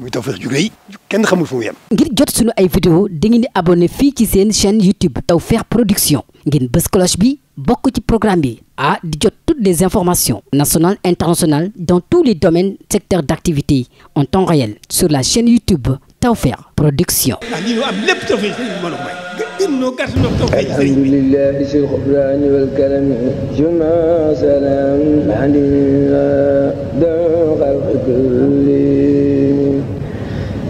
muy Tawfekh ju rëy kenn xamul fu mu fii ci seen chaîne YouTube Tawfekh Production ngeen bës cloche bi bokk ci programme bi ah di jot toutes les informations nationales internationales dans tous les domaines secteurs d'activité en temps réel sur la chaine YouTube Tawfekh Production. ah lii am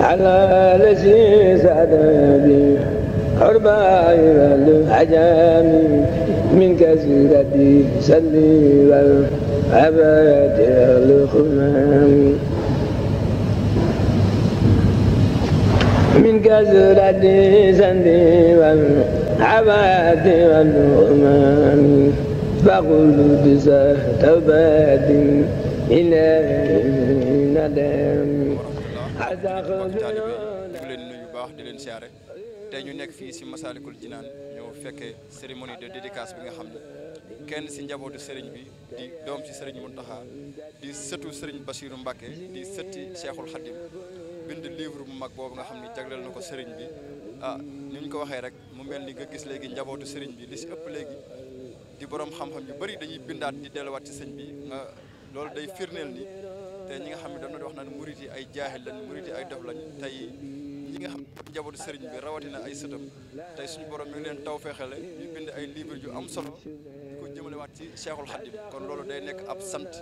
على الذي سأدني حرما الحجام من كثيرة سلي والعباد الخمام من كثرة سندي والعباد والغمام فقل بسه توبات إلى ندم ziar mbokki taalibe ñu leen nuyu bu baax di leen siyaare tey ñu nekk fii ci Masaalikul Jinaan ñoo fekkee cérémonie de dédicace bi nga xam ne kenn si njabootu sëriñ bi di doom si sëriñ Muntaxa di sëtu sëriñ Basiiru Mbàkke di sëtti Cheikhul Khadim bind livre bu mag boobu nga xam ne jagleel na ko sëriñ bi ah ni ñu ko waxee rek mu mel ni nga gis léegi njabootu sëriñ bi li si ëpp léegi di borom xam-xam yu bëri dañuy bindaat di delluwaat ci sëñ bi ah, loolu day firneel ni te ñi nga xam ne doon na wax naan murit ay jaaxil lañ murit yi ay dof lañ tey ñi nga xam ne njabootu sëriñ bi rawatina ay sëtam tey suñu borom mi ngi leen taw feexale ñu bind ay livre yu am solo di ko jëmale waat ci Cheikhul Khadim kon loolu day nekk ab sant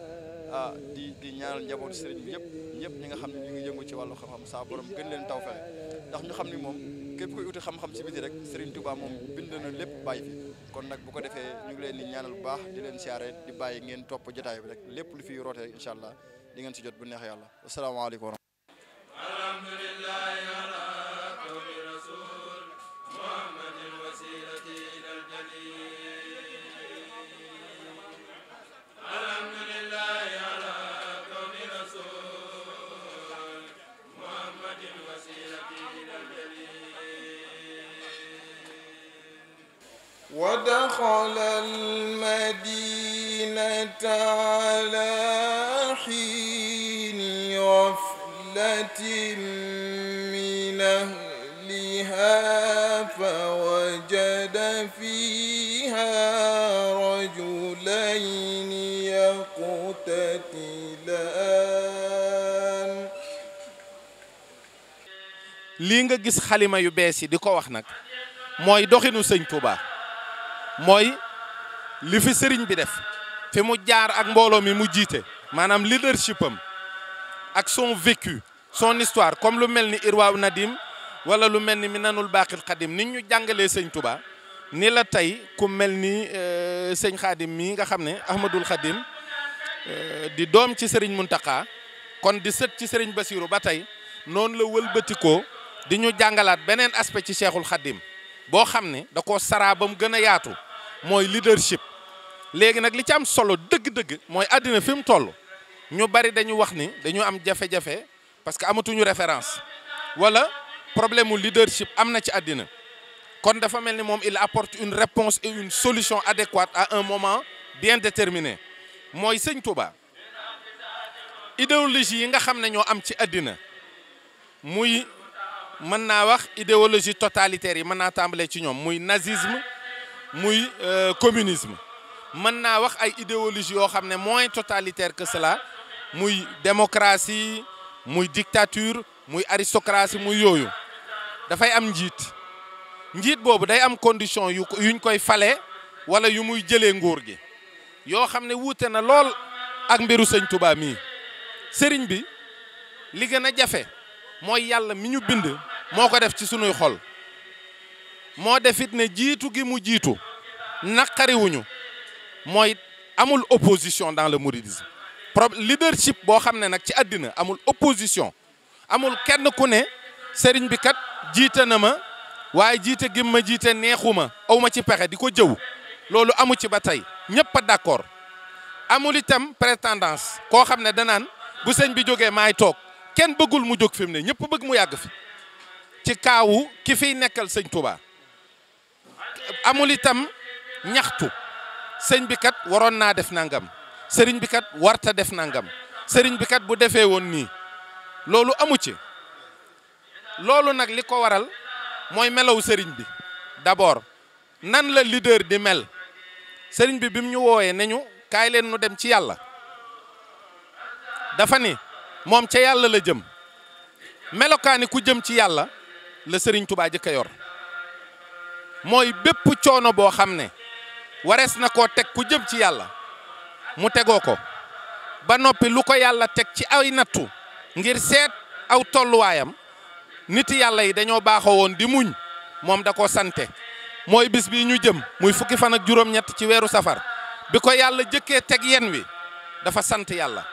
ah di di ñaanal njabootu sëriñ bi yëpp ñëpp ñi nga xam ne ñu ngi yëngu ci wàllu xam-xam saa leen taw fexe xam ni moom képp koy uti xam-xam ci biti rek sëriñ Touba moom bind na lépp bàyyi fi kon nag bu ko defee ñu ngi di ñaanal bu baax di leen siyaare di bàyyi ngeen topp jotaay bi lépp lu fi rootee incha allah di si jot bu neex yàlla asalaamaaleykum ودخل المدينة على حين غفلة من أهلها فوجد فيها رجلين يقتتلان lii nga gis xalima yu bees yi di ko wax nag mooy doxinu sëñ Touba mooy li fi sëriñ bi def fi mu jaar ak mbooloo mi mu jiite maanaam leadership am ak son vécu son histoire comme lu mel ni Irwaaw Nadim wala lu mel ni Minanul Baqil Xadim nit ñu jàngalee sëñ Touba ni la tey ku mel ni euh, sëñ Xadim mi nga xam ne Ahmadul Xadim euh, di doom ci sëriñ Muntaqa kon di sët ci sëriñ Basiru ba tey noonu la wëlbatikoo di ñu jàngalaat beneen aspect ci Cheikhul Xadim boo xam ne da koo saraa ba mu gën a yaatu mooy leadership léegi nag li ci am solo dëgg-dëgg mooy àddina fi mu toll ñu bari dañu wax ni dañu am jafe-jafe parce que amatuñu référence wala problème mu leadership am na ci àddina kon dafa mel ni moom il apporte une réponse et une solution adéquate à un moment bien déterminé mooy sëñ Touba idéologie yi nga xam ne ñoo am ci àddina muy mën naa wax idéologie totalitaire yi mën naa tàmbalee ci ñoom muy nazisme muy euh, communisme mën naa wax ay idéologie yoo xam ne mooy totalitaire que cela muy démocratie muy dictature muy aristocratie muy yooyu dafay am njiit njiit boobu day am condition yu yuñ koy fale wala yu muy jëlee nguur gi yoo xam ne wuute na lool ak mbiru sëñ Tuubaa mii sëriñ bi li gën a jafe mooy yàlla mi ñu bind moo ko def ci sunuy xol moo defit ne jiitu gi mu jiitu naqariwuñu mooy amul opposition dans le mouridisme pro leadership boo xam ne nag ci àddina amul opposition amul kenn ku ne sëriñ bi kat jiite na ma waaye jiite gim ma jiite neexuma aw ma ci pexe di ko jëw loolu amu ci ba tey ñëpp a d'accord amul itam prétendance koo xam ne danaan bu sëñ bi jógee maay toog kenn bëggul mu jóg fi ne ñëpp bëgg mu yàgg fi ci kaawu ki fiy nekkal sëñ Touba amul itam ñaxtu sëñ bi kat waroon naa def nangam sëriñ bi kat warta def nangam sëriñ bi kat bu defee woon nii loolu amu ci loolu nag li ko waral mooy melow sëriñ bi d'abord nan la leader di mel sëriñ bi bim ñu wooyee ne ñu kaay leen nu dem ci yàlla dafa ne moom ca yàlla la jëm melokaani ku jëm ci yàlla la sëriñ tubaa jëkk yor mooy bépp coono boo xam ne warees na koo teg ku jëm ci yàlla mu tegoo ko ba noppi lu ko yàlla teg ci ay nattu ngir seet aw tolluwaayam nit yàlla yi dañoo baaxoo woon di muñ moom da koo sante mooy bis bi ñu jëm muy fukki fan ak juróom-ñett ci weeru safar bi ko yàlla jëkkee teg yen wi dafa sant yàlla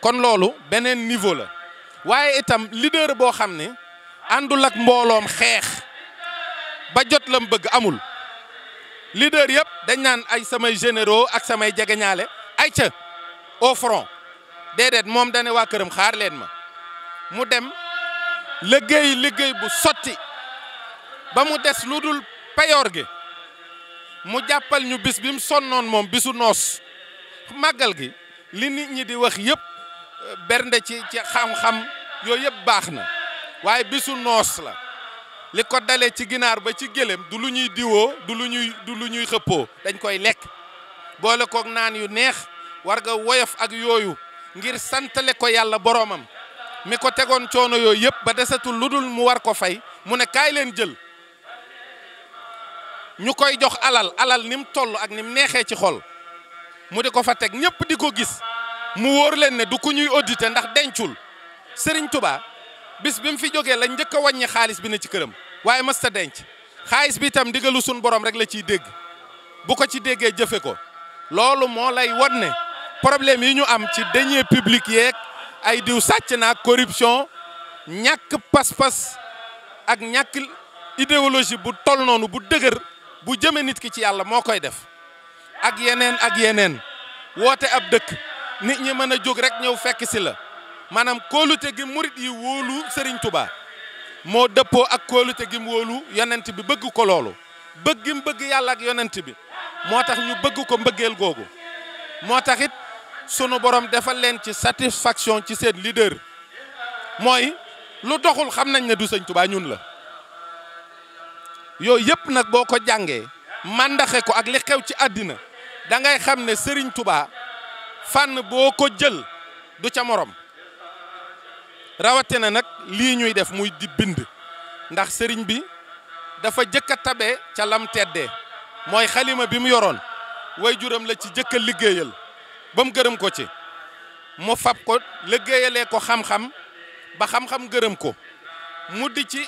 kon loolu beneen niveau la waaye itam leader boo xam ne àndul ak mbooloom xeex ba jot la mu bëgg amul leader yëpp dañ naan ay samay généraux ak samay jegeñaale ay ca au front moom dane waa këram xaar leen ma mu dem liggéey liggéey bu sotti ba mu des lu dul payoor gi mu jàppal ñu bis bi mu sonnoon moom bisu noos màggal gi li nit ñi di wax yëpp euh, bernde ci ci xam-xam yooyu yëpp baax na waaye bisu noos la li ko dalee ci ginaar ba ci gëléem du lu ñuy diwoo du lu ñuy du lu ñuy xëppoo dañ koy lekk boole koog naan yu neex war nga woyof ak yooyu ngir santale ko yàlla boroomam mi ko tegoon coono yooyu yëpp ba desatul lu dul mu war ko fay mu ne kaay leen jël ñu koy jox alal alal ni mu toll ak ni mu neexee ci xol mu di ko fa teg ñëpp di ko gis mu wóor leen ne du ku ñuy auditer ndax dencul sëriñ Touba bis bi mu fi jógee la njëkk a wàññi xaalis bi ne ci këram. waaye mës denc xaalis bi itam ndigalu sunu borom rek la ciy dégg bu ko ci déggee jëfe ko loolu moo lay won ne problème yi ñu am ci deniers publics yeeg ay diw sàcc naa corruption ñàkk pas-pas ak ñàkk idéologie bu tol noonu bu dëgër bu jëme nit ki ci yàlla moo koy def ak yeneen ak yeneen woote ab dëkk nit ñi mën a jóg rek ñëw fekk si la maanaam kóolute gi murit yi wóolu Serigne Touba moo dëppoo ak kóolute gi mu wóolu yonent bi bëgg ko loolu bëgg bëgg yàlla ak yonent bi moo tax ñu bëgg ko mbëggeel googu moo tax sunu borom defal leen ci satisfaction ci seen leader mooy lu doxul xam nañ ne du sëñ Tuubaa ñun la yooyu yëpp nag boo ko jàngee màndaxe ko ak li xew ci àddina da ngay xam ne sëriñ Tuubaa fànn boo ko jël du ca morom rawatina nag lii ñuy def muy di bind ndax sëriñ bi dafa jëkk a tabe ca lam teddee mooy xalima bi mu yoroon way juram la ci jëkk a liggéeyal ba mu gërëm ko ci mu fab ko liggéeyalee ko xam-xam ba xam-xam gërëm ko mu di ci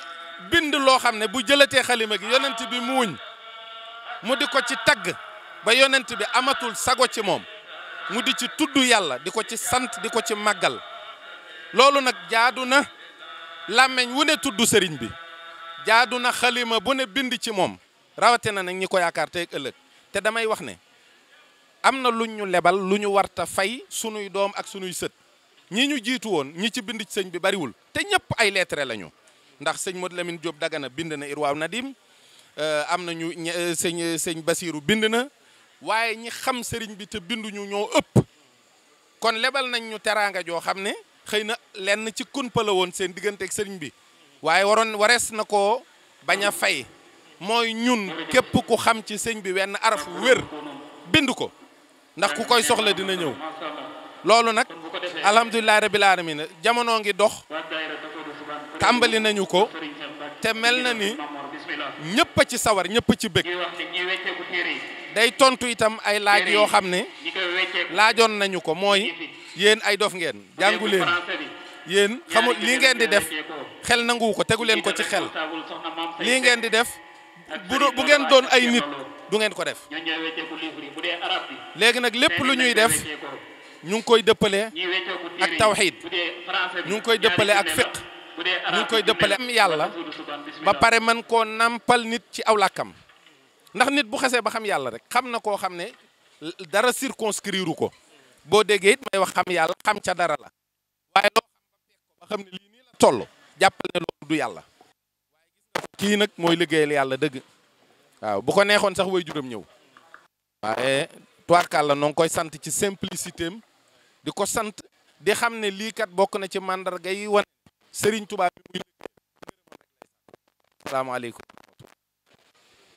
bind loo xam ne bu jëlatee xalima gi yonent bi muuñ mu di ko ci tagg ba yonent bi amatul sago ci moom mu di ci tudd yàlla di ko ci sant di ko ci màggal loolu nag jaadu na làmmeñ wu ne tudd sëriñ bi jaadu na xalima bu ne bind ci moom rawatina na nag ñi ko yaakaar tey ëllëg te damay wax ne am na lu ñu lebal lu ñu warta fay sunuy doom ak sunuy sët ñi ñu jiitu woon ñi ci bind ci sëñ bi bariwul te ñëpp ay lettre lañu ndax sëñ Modou Lamine Diop Dagana bind na Irwaaw Nadim euh, am na ñu euh, sëñ euh, sëñ Basiiru bind na waaye ñi xam sëriñ bi te binduñu ñoo ëpp kon lebal nañ ñu teraanga joo xam ne xëy na lenn ci kumpa seen diggante ak sëriñ bi waaye waroon warees na ko bañ a fay mooy ñun képp ku xam ci sëñ bi wenn araf wér bind ko ndax ku koy soxla dina ñëw loolu nag alhamdulilahi rabil alamin jamono ngi dox tàmbali nañu ko te mel na ni ñëpp ci sawar ñëpp ci bëgg day tontu itam ay laaj yoo xam ni laajoon nañu ko mooy yéen ay dof ngeen jàngu yéen xamul lii ngeen di def xel nanguwu ko tegu leen ko ci xel lii ngeen di def bu bu ngeen doon ay nit du ngeen ko def léegi nag lépp lu ñuy def ñu ngi koy dëppale ak tawxiid ñu ngi koy dëppale ak fiq ñu ngi koy dëppale am yàlla ba pare man koo nàmpal nit ci aw làkkam ndax nit bu xesee ba xam yàlla rek xam na koo xam ne dara circonscrire ko boo déggee it may wax xam yàlla xam ca dara la xam ne lii nii la toll jàppal ne loolu du yàlla kii nag mooy liggéeyal yàlla dëgg waaw bu ko neexoon sax way juram ñëw waaye tuwaarkàl la noo koy sant ci simplicité am di ko sant di xam ne lii kat bokk na ci màndarga yi wane Serigne Touba bi muy salaamaaleykum